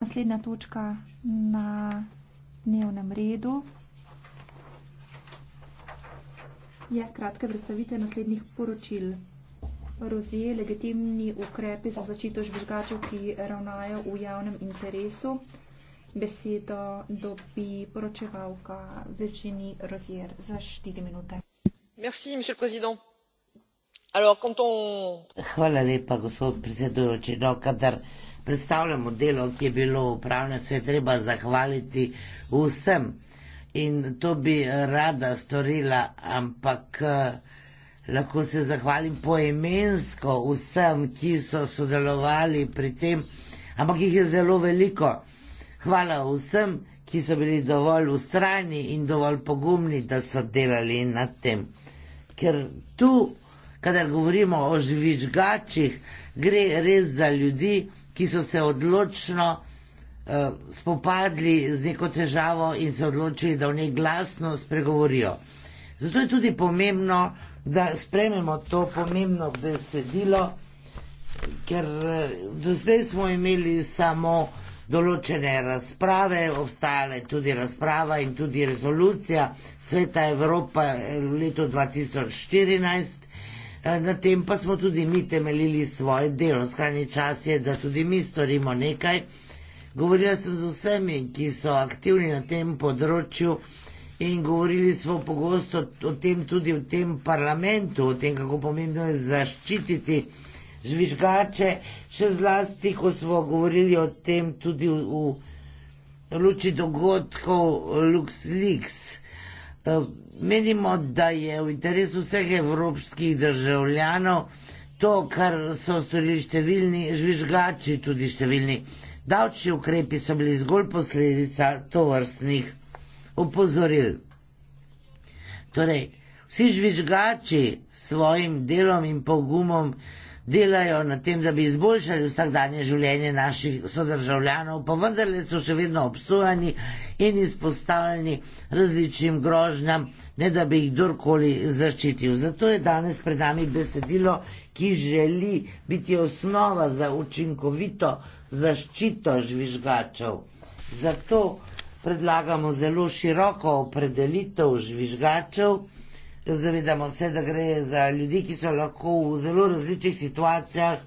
Naslednja točka na dnevnem redu je kratka predstavitev naslednjih poročil. Rozije, legitimni ukrepi za začito žvižgačev, ki ravnajo v javnem interesu. Besedo dobi poročevalka večini rozjer za štiri minute. Merci, monsieur le président. Hvala lepa, gospod predsedujoči. No, kadar predstavljamo delo, ki je bilo upravljeno, se je treba zahvaliti vsem. In to bi rada storila, ampak eh, lahko se zahvalim poemensko vsem, ki so sodelovali pri tem, ampak jih je zelo veliko. Hvala vsem, ki so bili dovolj ustrajni in dovolj pogumni, da so delali na tem. Ker tu kadar govorimo o žvižgačih, gre res za ljudi, ki so se odločno uh, spopadli z neko težavo in se odločili, da v njej glasno spregovorijo. Zato je tudi pomembno, da sprememo to pomembno besedilo, ker eh, do zdaj smo imeli samo določene razprave, obstajala je tudi razprava in tudi rezolucija Sveta Evropa v letu 2014, Eh, na tem pa smo tudi mi temeljili svoje delo. Skrajni čas je, da tudi mi storimo nekaj. Govorila sem z vsemi, ki so aktivni na tem področju in govorili smo pogosto o tem tudi v tem parlamentu, o tem, kako pomembno je zaščititi žvižgače, še zlasti, ko smo govorili o tem tudi v, v luči dogodkov LuxLeaks. Eh, menimo, da je v interesu vseh evropskih državljanov to, kar so storili številni žvižgači, tudi številni davčni ukrepi, so bili zgolj posledica tovrstnih opozoril. Torej, vsi žvižgači s svojim delom in pogumom, delajo na tem, da bi izboljšali vsakdanje življenje naših sodržavljanov, pa vendarle so še vedno obsojeni in izpostavljeni različnim grožnjam, ne da bi jih kdorkoli zaščitil. Zato je danes pred nami besedilo, ki želi biti osnova za učinkovito zaščito žvižgačev. Zato predlagamo zelo široko opredelitev žvižgačev, zavedamo se, da gre za ljudi, ki so lahko v zelo različnih situacijah,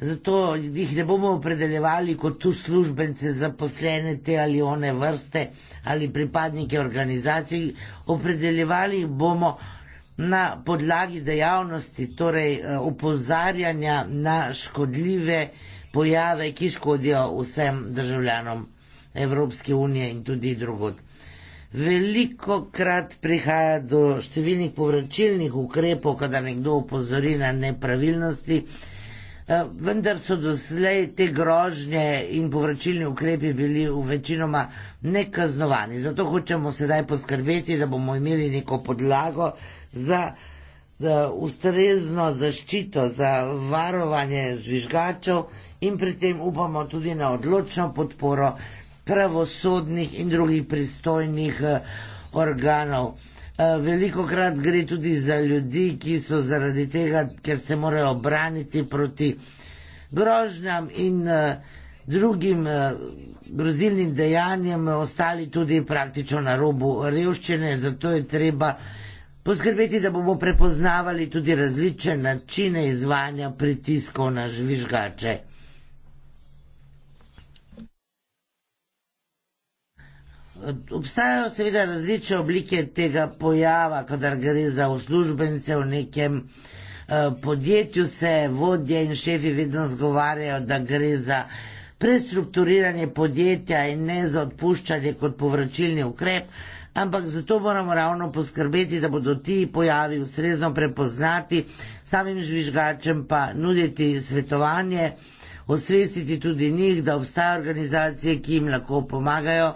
zato jih ne bomo opredeljevali kot tu službence, zaposlene te ali one vrste ali pripadnike organizacij, opredeljevali jih bomo na podlagi dejavnosti, torej upozarjanja eh, na škodljive pojave, ki škodijo vsem državljanom Evropske unije in tudi drugod. Veliko krat prihaja do številnih povračilnih ukrepov, kadar nekdo upozori na nepravilnosti, eh, vendar so doslej te grožnje in povračilni ukrepi bili v večinoma nekaznovani. Zato hočemo sedaj poskrbeti, da bomo imeli neko podlago za, za ustrezno zaščito, za varovanje žvižgačev in pri tem upamo tudi na odločno podporo pravosodnih in drugih pristojnih eh, organov. Eh, Veliko krat gre tudi za ljudi, ki so zaradi tega, ker se morajo obraniti proti grožnjam in eh, drugim grozilnim dejanjem, ostali tudi praktično na robu revščine, zato je treba poskrbeti, da bomo prepoznavali tudi različne načine izvanja pritiskov na žvižgače. Obstajajo seveda različne oblike tega pojava, kadar gre za uslužbence v nekem eh, podjetju, se vodje in šefi vedno zgovarjajo, da gre za prestrukturiranje podjetja in ne za odpuščanje kot povračilni ukrep, ampak zato moramo ravno poskrbeti, da bodo ti pojavi ustrezno prepoznati, samim žvižgačem pa nuditi svetovanje, osvestiti tudi njih, da obstajajo organizacije, ki jim lahko pomagajo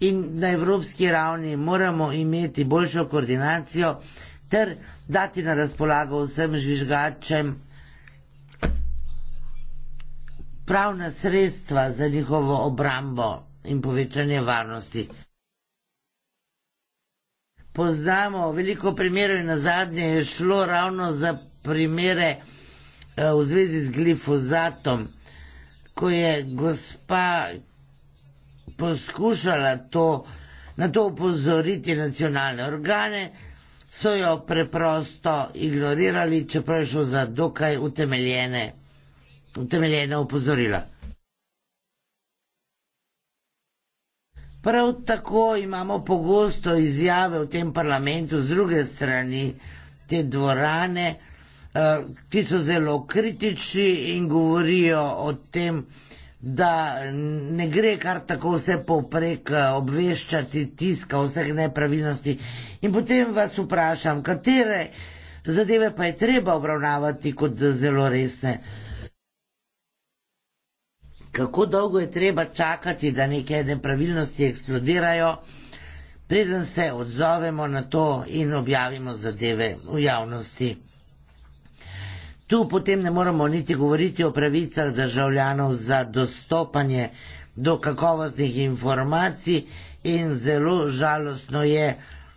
in na evropski ravni moramo imeti boljšo koordinacijo ter dati na razpolago vsem žvižgačem pravna sredstva za njihovo obrambo in povečanje varnosti. Poznamo veliko primerov in nazadnje je šlo ravno za primere eh, v zvezi z glifozatom, ko je gospa, poskušala to, na to upozoriti nacionalne organe, so jo preprosto ignorirali, čeprav je šlo za dokaj utemeljene, utemeljene upozorila. Prav tako imamo pogosto izjave v tem parlamentu z druge strani te dvorane, eh, ki so zelo kritični in govorijo o tem, da ne gre kar tako vse povprek eh, obveščati tiska vseh nepravilnosti. In potem vas vprašam, katere zadeve pa je treba obravnavati kot zelo resne. Kako dolgo je treba čakati, da neke nepravilnosti eksplodirajo, preden se odzovemo na to in objavimo zadeve v javnosti? Tu potem ne moremo niti govoriti o pravicah državljanov za dostopanje do kakovostnih informacij in zelo žalostno je,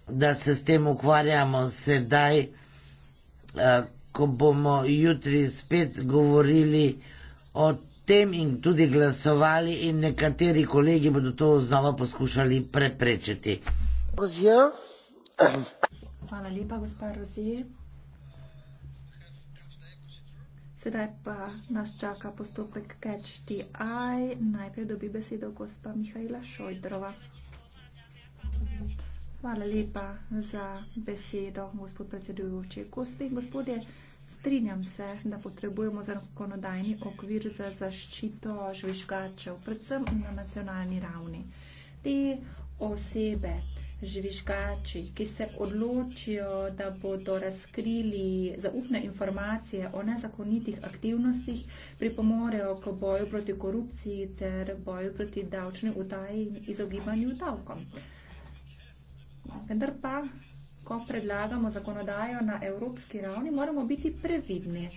da se s tem ukvarjamo sedaj, eh, ko bomo jutri spet govorili o tem in tudi glasovali in nekateri kolegi bodo to znova poskušali preprečiti. Hvala lepa, gospod Rozier. Sedaj pa nas čaka postopek catch-the-eye. Najprej dobi besedo gospa Mihajla Šojdrova. Hvala lepa za besedo, gospod predsedujoči. Gospe in gospodje, strinjam se, da potrebujemo zakonodajni okvir za zaščito žvižgačev, predvsem na nacionalni ravni. Te osebe, žvižgači, ki se odločijo, da bodo razkrili zaupne informacije o nezakonitih aktivnostih, pripomorejo k boju proti korupciji ter boju proti davčni utaji in izogibanju davkom. Vendar pa, ko predlagamo zakonodajo na evropski ravni, moramo biti previdni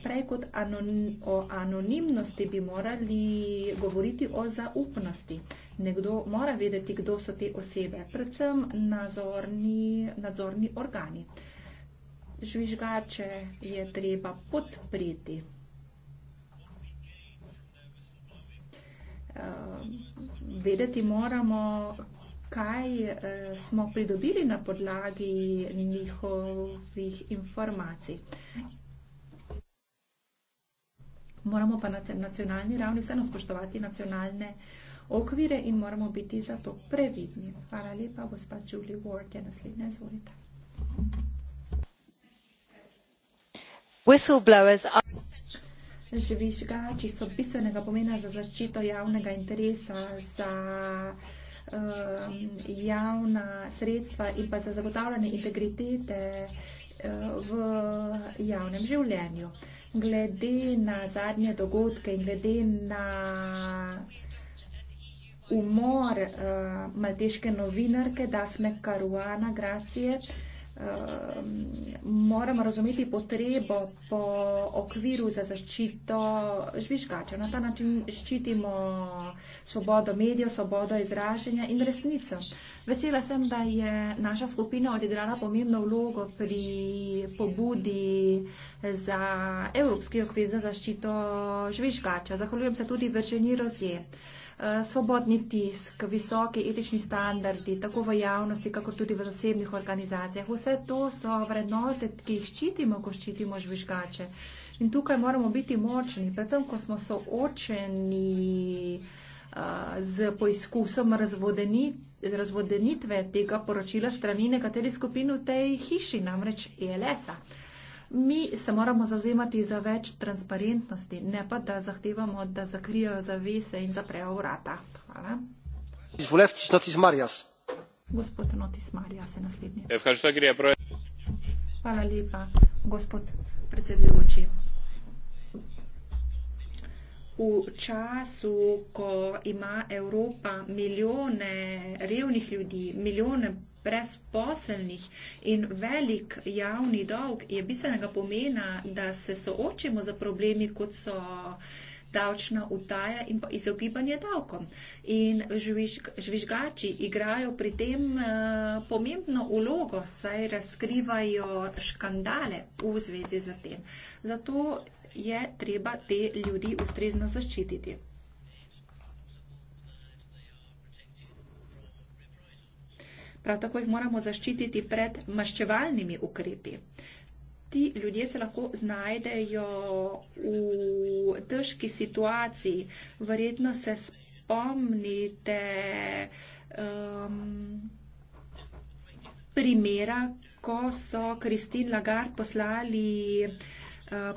prej kot anon, o anonimnosti bi morali govoriti o zaupnosti. Nekdo mora vedeti, kdo so te osebe, predvsem nazorni, nadzorni organi. Žvižgače je treba podpreti. Uh, vedeti moramo, kaj uh, smo pridobili na podlagi njihovih informacij moramo pa na nacionalni ravni vseeno spoštovati nacionalne okvire in moramo biti zato previdni. Hvala lepa, gospa Julie Ward je naslednja, izvolite. Žvižgači so bistvenega pomena za zaščito javnega interesa, za um, javna sredstva in pa za zagotavljanje integritete uh, v javnem življenju. Uh, glede na zadnje dogodke in glede na umor uh, malteške novinarke Dafne Caruana Gracie, uh, moramo razumeti potrebo po okviru za zaščito žvižgačev. Na ta način ščitimo svobodo medijev, svobodo izražanja in resnico. Vesela sem, da je naša skupina odigrala pomembno vlogo pri pobudi za Evropski okvir za zaščito žvižgača. Zahvaljujem se tudi Virženi Rozje. Eh, svobodni tisk, visoki etični standardi, tako v javnosti, kako tudi v zasebnih organizacijah. Vse to so vrednote, ki jih ščitimo, ko ščitimo žvižgače. In tukaj moramo biti močni, predvsem, ko smo soočeni z eh, poizkusom razvodeni, razvodenitve tega poročila strani nekateri skupin v tej hiši, namreč ELS-a. Uh, mi se moramo zauzemati za več transparentnosti, ne pa da zahtevamo, da zakrijajo zavese in zaprejo vrata. Hvala. Gospod Notis Marija se naslednji. Ja, Hvala lepa, gospod predsedujoči. V času, ko ima Evropa milijone revnih ljudi, milijone brezposelnih in velik javni dolg je bistvenega pomena, da se soočimo za problemi, kot so davčna utaja in pa izogibanje davkom. In žvižgači igrajo pri tem eh, pomembno ulogo, saj razkrivajo škandale v zvezi z tem. Zato je treba te ljudi ustrezno zaščititi. Prav tako jih moramo zaščititi pred maščevalnimi ukrepi. Ti ljudje se lahko znajdejo v težki situaciji. Verjetno se spomnite um, primera, ko so Kristin Lagarde poslali uh,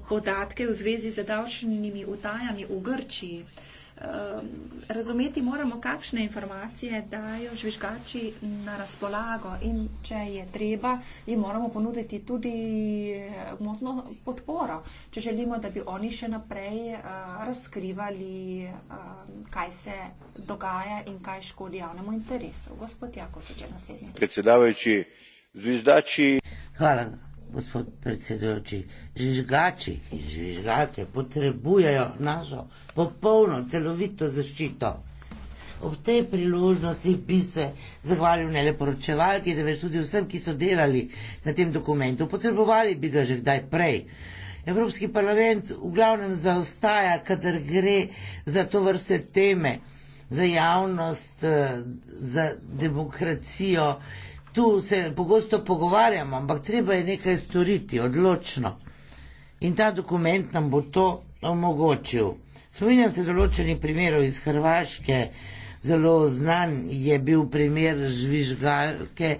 podatke v zvezi z davčnimi utajami v Grčiji. Uh, um, razumeti moramo, kakšne informacije dajo žvižgači na razpolago in če je treba, jim moramo ponuditi tudi eh, motno podporo, če želimo, da bi oni še naprej uh, razkrivali, uh, kaj se dogaja in kaj škodi javnemu interesu. Gospod Jakov, če naslednji. Predsedavajoči, zviždači. Hvala gospod predsedujoči. Žvižgači in žvižgalke potrebujejo našo popolno celovito zaščito. Ob tej priložnosti bi se zahvalil ne le poročevalki, da več tudi vsem, ki so delali na tem dokumentu. Potrebovali bi ga že kdaj prej. Evropski parlament v glavnem zaostaja, kadar gre za to vrste teme, za javnost, eh, za demokracijo tu se pogosto pogovarjamo, ampak treba je nekaj storiti odločno. In ta dokument nam bo to omogočil. Spominjam se določenih primerov iz Hrvaške. Zelo znan je bil primer žvižgalke,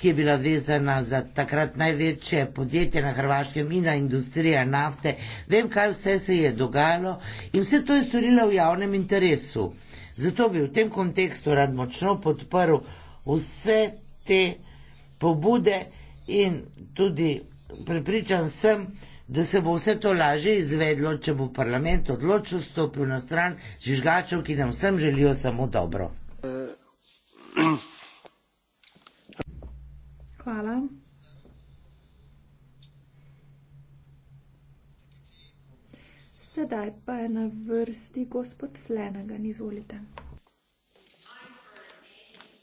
ki je bila vezana za takrat največje podjetje na Hrvaškem in na industrija nafte. Vem, kaj vse se je dogajalo in vse to je storila v javnem interesu. Zato bi v tem kontekstu rad močno podprl vse te pobude in tudi prepričan sem, da se bo vse to lažje izvedlo, če bo parlament odločil stopil na stran žižgačev, ki nam vsem želijo samo dobro. Hvala. Sedaj pa je na vrsti gospod Flanagan, izvolite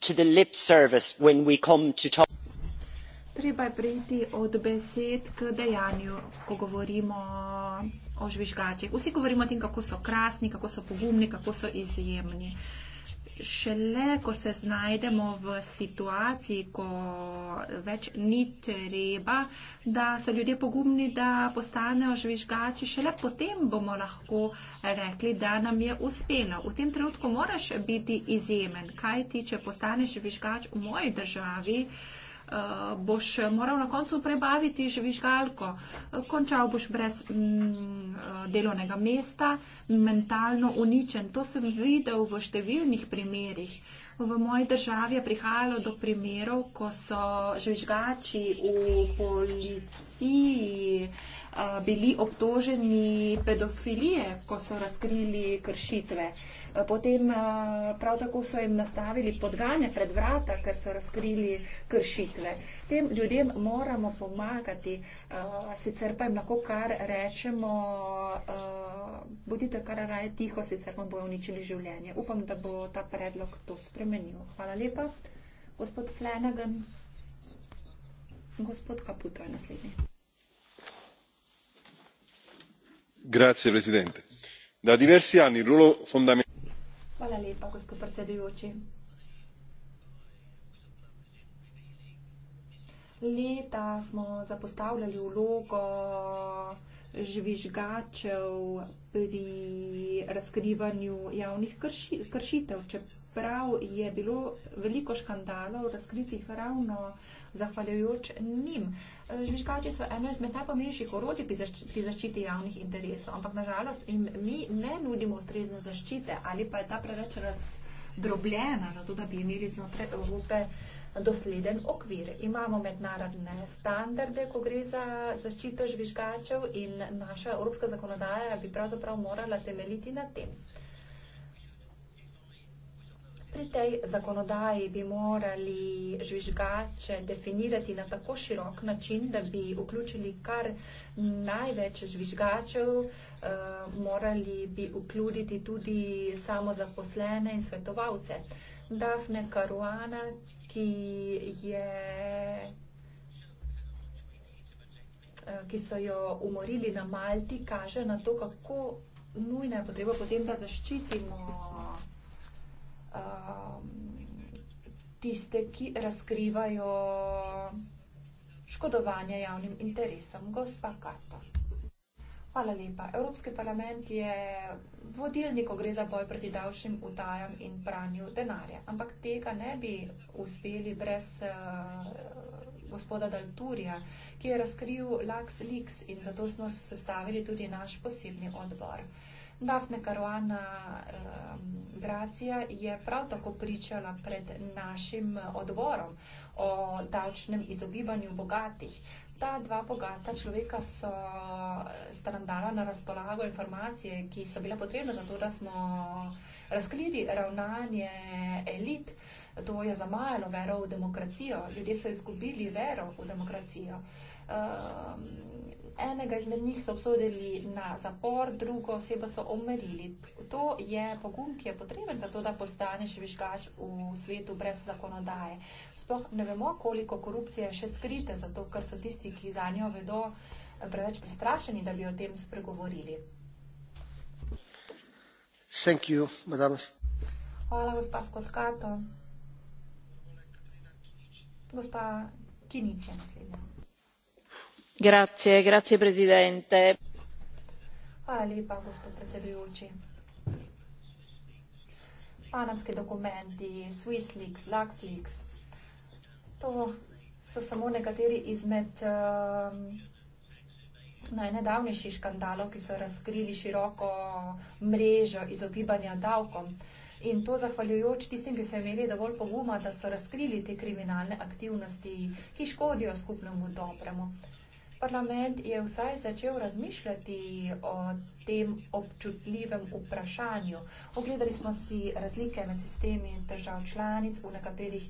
to the lip service when we come to talk. Treba je preiti od besed k dejanju, ko govorimo o žvižgačih. Vsi govorimo o tem, kako so krasni, kako so pogumni, kako so izjemni. Uh, šele, ko se znajdemo v situaciji, ko več ni treba, da so ljudje pogumni, da postanejo žvižgači, šele potem bomo lahko rekli, da nam je uspelo. V tem trenutku moraš biti izjemen, kaj ti, če postaneš žvižgač v moji državi uh, boš moral na koncu prebaviti žvižgalko, končal boš brez mm, eh, delovnega mesta, mentalno uničen. To sem videl v številnih primerih. V moji državi je prihajalo do primerov, ko so žvižgači v policiji uh, bili obtoženi pedofilije, ko so razkrili kršitve. Uh, Potem eh, prav tako so jim nastavili podganje pred vrata, ker so razkrili kršitve. Tem ljudem moramo pomagati, eh, sicer pa jim lahko kar rečemo, eh, bodite kar raje tiho, sicer vam bojo uničili življenje. Upam, da bo ta predlog to spremenil. Hvala lepa. Gospod Flanagan. Gospod Kaputo je naslednji. Grazie, Presidente. Da diversi anni il ruolo fondamentale. Hvala lepa, gospod predsedujoči. Leta smo zapostavljali vlogo žvižgačev pri razkrivanju javnih kršitev, če Prav je bilo veliko škandalov razkritih ravno zahvaljujoč njim. E, Žvižgači so eno izmed najpomembnejših orodij pri zaščiti javnih interesov, ampak nažalost jim mi ne nudimo ustrezne zaščite ali pa je ta preveč razdrobljena, zato da bi imeli znotraj Evrope dosleden okvir. Imamo mednarodne standarde, ko gre za zaščito žvižgačev in naša evropska zakonodaja bi pravzaprav morala temeljiti na tem. Pri tej zakonodaji bi morali žvižgače definirati na tako širok način, da bi vključili kar največ žvižgačev, eh, morali bi vključiti tudi samozaposlene in svetovalce. Dafne Karuana, ki je eh, ki so jo umorili na Malti, kaže na to, kako nujna je potreba potem, da zaščitimo um, tiste, ki razkrivajo škodovanje javnim interesom, gospa Kata. Hvala lepa. Evropski parlament je vodilni, ko gre za boj proti davčnim utajam in pranju denarja. Ampak tega ne bi uspeli brez uh, gospoda Dalturja, ki je razkril LaxLeaks in zato smo sestavili tudi naš posebni odbor. Uh, Daphne Caruana eh, Gracia je prav tako pričala pred našim eh, odborom o davčnem izogibanju bogatih. Ta dva bogata človeka so, eh, sta nam dala na razpolago informacije, ki so bile potrebne za to, da smo razkrili ravnanje elit. To je zamajalo vero v demokracijo. Ljudje so izgubili vero v demokracijo. Uh, Um, enega izmed njih so obsodili na zapor, drugo osebo so omerili. To je pogum, ki je potreben za to, da postaneš viškač v svetu brez zakonodaje. Sploh ne vemo, koliko korupcije še skrite, zato ker so tisti, ki za njo vedo, preveč prestrašeni, da bi o tem spregovorili. You, Hvala, gospa Skotkato. Gospa Kinić je naslednja gospod predsedujoči panamski dokumenti swissleaks luxleaks to so samo nekateri izmed ehm, najnedavnejših škandalov ki so razkrili široko mrežo izogibanja davkom in to zahvaljujoč tistim ki so imeli dovolj poguma da so razkrili te kriminalne aktivnosti ki škodijo skupnemu dobremu parlament je vsaj začel razmišljati o tem občutljivem vprašanju. Ogledali smo si razlike med sistemi držav članic, v nekaterih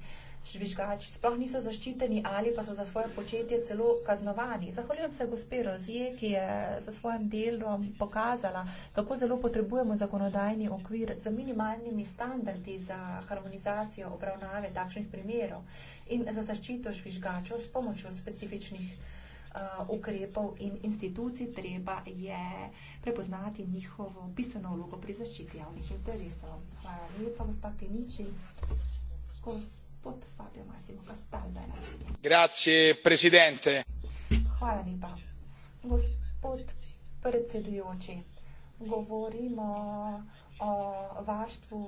žvižgači sploh niso zaščiteni ali pa so za svoje početje celo kaznovani. Zahvaljujem se gospe Rozije, ki je za svojim delom pokazala, kako zelo potrebujemo zakonodajni okvir za minimalnimi standardi za harmonizacijo obravnave takšnih primerov in za zaščito žvižgačev s pomočjo specifičnih Eh, ukrepov in institucij, treba je prepoznati njihovo bistveno vlogo pri zaščiti javnih interesov. Hvala lepa, gospa Kenici. Gospod Fabio Massimo Castalda je naslednji. Grazie, presidente. Hvala lepa. Gospod predsedujoči, govorimo o varstvu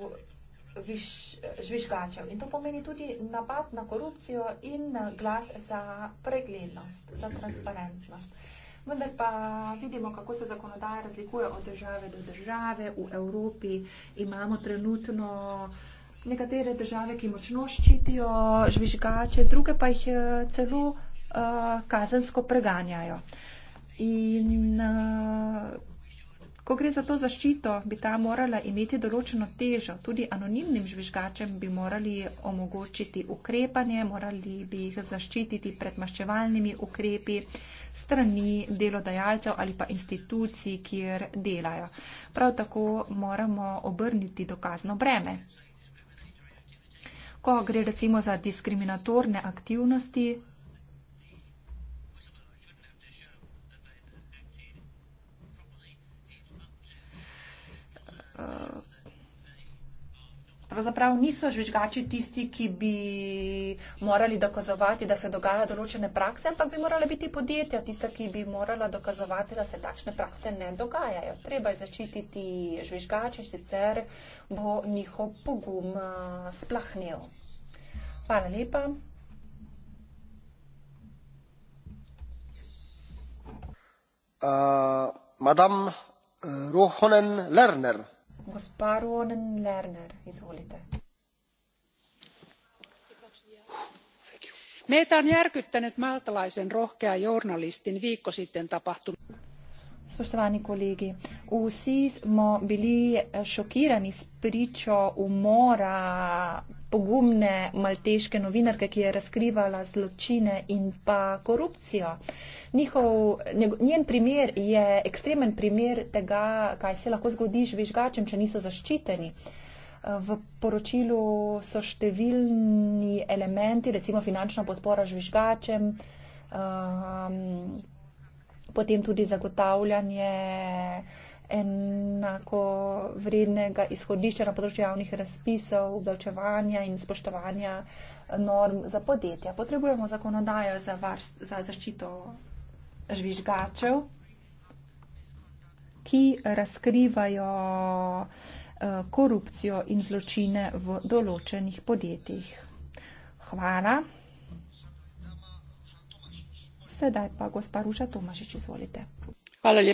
viš, žvižgačev. In to pomeni tudi napad na korupcijo in eh, glas za preglednost, za transparentnost. Vendar pa vidimo, kako se zakonodaja razlikuje od države do države. V Evropi imamo trenutno nekatere države, ki močno ščitijo žvižgače, druge pa jih eh, celo uh, kazensko preganjajo. In uh, Ko gre za to zaščito, bi ta morala imeti določeno težo. Tudi anonimnim žvižgačem bi morali omogočiti ukrepanje, morali bi jih zaščititi pred maščevalnimi ukrepi strani delodajalcev ali pa institucij, kjer delajo. Prav tako moramo obrniti dokazno breme. Ko gre recimo za diskriminatorne aktivnosti, pravzaprav niso žvižgači tisti, ki bi morali dokazovati, da se dogaja določene prakse, ampak bi morala biti podjetja tista, ki bi morala dokazovati, da se takšne prakse ne dogajajo. Treba je zaščititi žvižgače, sicer bo njihov pogum splahnil. Hvala lepa. Uh, Madame uh, Rohonen Lerner. Gospa Ruonen Lerner, izvolite. Meitä on järkyttänyt maltalaisen rohkean journalistin viikko sitten tapahtunut. Spoštovani kolegi, vsi smo bili eh, šokirani s pričo umora pogumne malteške novinarke, ki je razkrivala zločine in pa korupcijo. Njihov, njen primer je ekstremen primer tega, kaj se lahko zgodi žvižgačem, če niso zaščiteni. Eh, v poročilu so številni elementi, recimo finančna podpora žvižgačem. Um, potem tudi zagotavljanje enako vrednega izhodišča na področju javnih razpisov, obdavčevanja in spoštovanja norm za podjetja. Potrebujemo zakonodajo za, varst, za zaščito žvižgačev, ki razkrivajo eh, korupcijo in zločine v določenih podjetjih. Hvala sedaj pa gospa Ruža Tomašič, izvolite. Hvala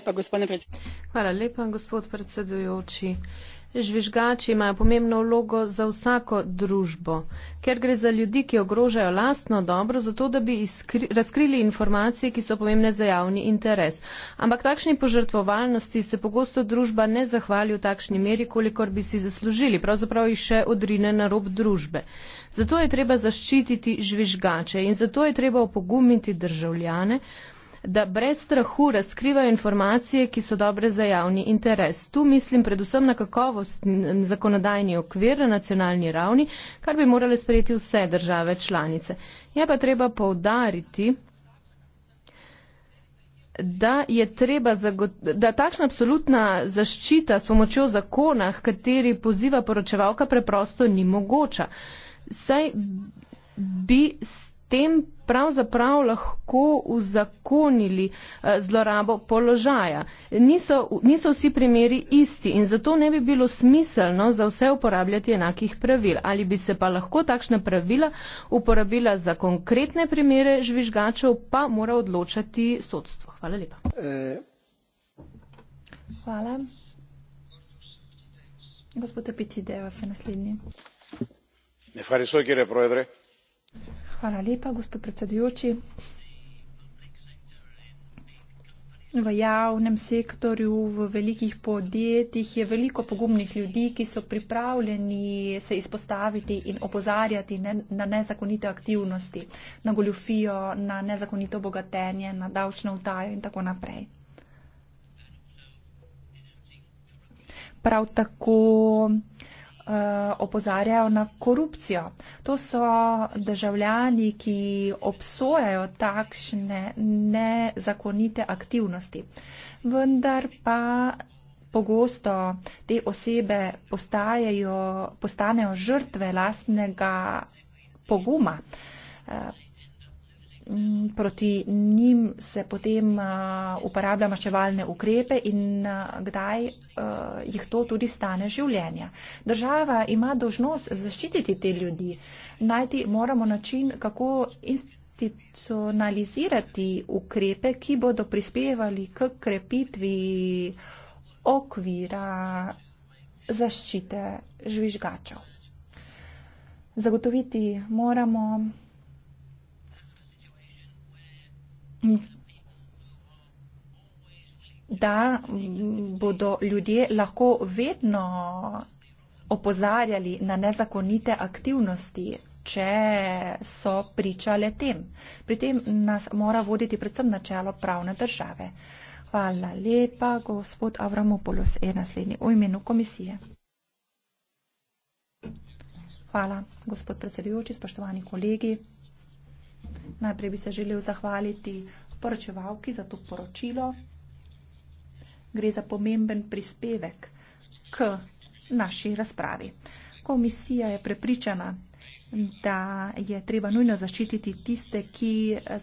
lepa, gospod predsedujoči. Žvižgači imajo pomembno vlogo za vsako družbo, ker gre za ljudi, ki ogrožajo lastno dobro, zato da bi izkri, razkrili informacije, ki so pomembne za javni interes. Ampak takšni požrtvovalnosti se pogosto družba ne zahvali v takšni meri, kolikor bi si zaslužili, pravzaprav jih še odrine na rob družbe. Zato je treba zaščititi žvižgače in zato je treba opogumiti državljane, da brez strahu razkrivajo informacije, ki so dobre za javni interes. Tu mislim predvsem na kakovost zakonodajni okvir na nacionalni ravni, kar bi morale sprejeti vse države članice. Je pa treba povdariti, da je treba, da takšna absolutna zaščita s pomočjo zakona, kateri poziva poročevalka, preprosto ni mogoča. Saj bi s tem pravzaprav lahko uzakonili eh, zlorabo položaja. Niso, niso vsi primeri isti in zato ne bi bilo smiselno za vse uporabljati enakih pravil. Ali bi se pa lahko takšna pravila uporabila za konkretne primere žvižgačev, pa mora odločati sodstvo. Hvala lepa. Eh. Hvala. Gospod Epitideva, se naslednji. Ne, fare so, kjer je projedre. Hvala lepa, gospod predsedujoči. V javnem sektorju, v velikih podjetjih je veliko pogumnih ljudi, ki so pripravljeni se izpostaviti in opozarjati ne, na nezakonite aktivnosti, na goljufijo, na nezakonito bogatenje, na davčno vtajo in tako naprej. Prav tako Eh, opozarjajo na korupcijo. To so državljani, ki obsojajo takšne nezakonite aktivnosti. Vendar pa pogosto te osebe postanejo žrtve lastnega poguma. Eh, Mm, proti njim se potem uh, uporablja maščevalne ukrepe in uh, kdaj uh, jih to tudi stane življenja. Država ima dožnost zaščititi te ljudi, najti moramo način, kako institucionalizirati ukrepe, ki bodo prispevali k krepitvi okvira zaščite žvižgačev. Zagotoviti moramo, da bodo ljudje lahko vedno opozarjali na nezakonite aktivnosti, če so pričale tem. Pri tem nas mora voditi predvsem načelo pravne države. Hvala lepa, gospod Avramopoulos, je naslednji v imenu komisije. Hvala, gospod predsedujoči, spoštovani kolegi. Najprej bi se želel zahvaliti poročevalki za to poročilo. Gre za pomemben prispevek k naši razpravi. Komisija je prepričana, da je treba nujno zaščititi tiste, ki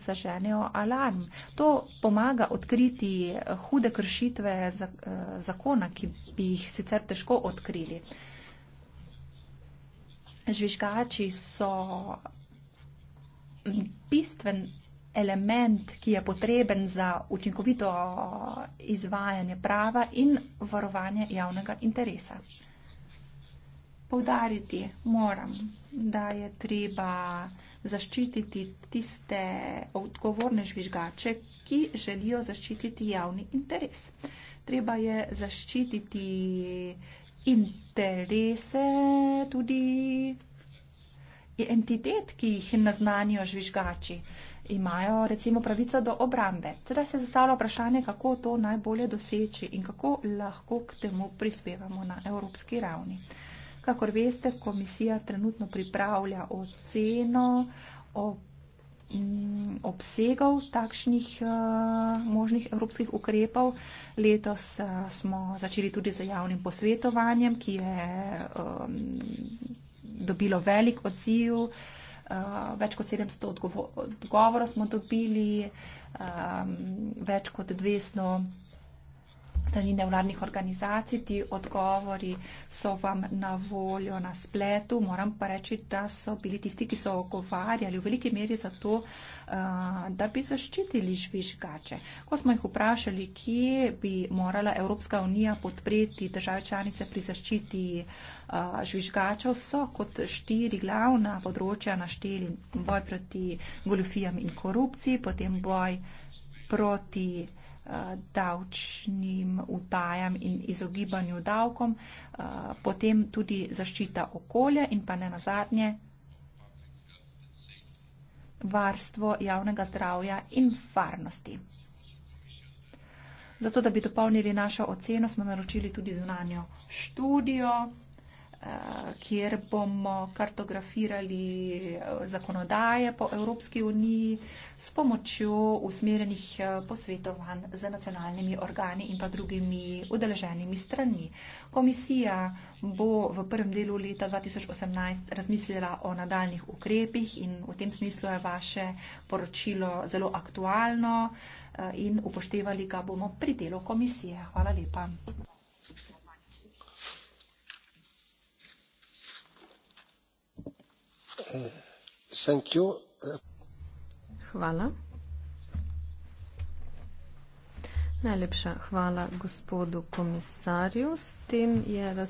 zaženejo alarm. To pomaga odkriti hude kršitve eh, zakona, ki bi jih sicer težko odkrili. Žvižgači so bistven element, ki je potreben za učinkovito izvajanje prava in varovanje javnega interesa. Povdariti moram, da je treba zaščititi tiste odgovorne žvižgače, ki želijo zaščititi javni interes. Treba je zaščititi interese tudi entitet, ki jih naznanijo žvižgači, imajo recimo pravico do obrambe. Teda se zastavlja vprašanje, kako to najbolje doseči in kako lahko k temu prispevamo na evropski ravni. Kakor veste, komisija trenutno pripravlja oceno mm, obsegov takšnih eh, možnih evropskih ukrepov. Letos eh, smo začeli tudi z javnim posvetovanjem, ki je. Um, dobilo velik odziv. Uh, več kot 700 odgovorov smo dobili, um, več kot 200 strani nevladnih organizacij. Ti odgovori so vam na voljo na spletu. Moram pa reči, da so bili tisti, ki so ogovarjali v veliki meri za to, eh, da bi zaščitili žvižgače. Ko smo jih vprašali, kje bi morala Evropska unija podpreti države članice pri zaščiti eh, žvižgačev, so kot štiri glavna področja našteli boj proti goljofijam in korupciji, potem boj proti davčnim utajam in izogibanju davkom, eh, potem tudi zaščita okolja in pa ne nazadnje varstvo javnega zdravja in varnosti. Zato, da bi dopolnili našo oceno, smo naročili tudi zunanjo študijo. Eh, kjer bomo kartografirali eh, zakonodaje po Evropski uniji s pomočjo usmerjenih eh, posvetovanj z nacionalnimi organi in pa drugimi udeleženimi strani. Komisija bo v prvem delu leta 2018 razmislila o nadaljnih ukrepih in v tem smislu je vaše poročilo zelo aktualno in upoštevali ga bomo pri delu komisije. Hvala lepa. Hvala. Najlepša hvala gospodu komisarju. S tem je...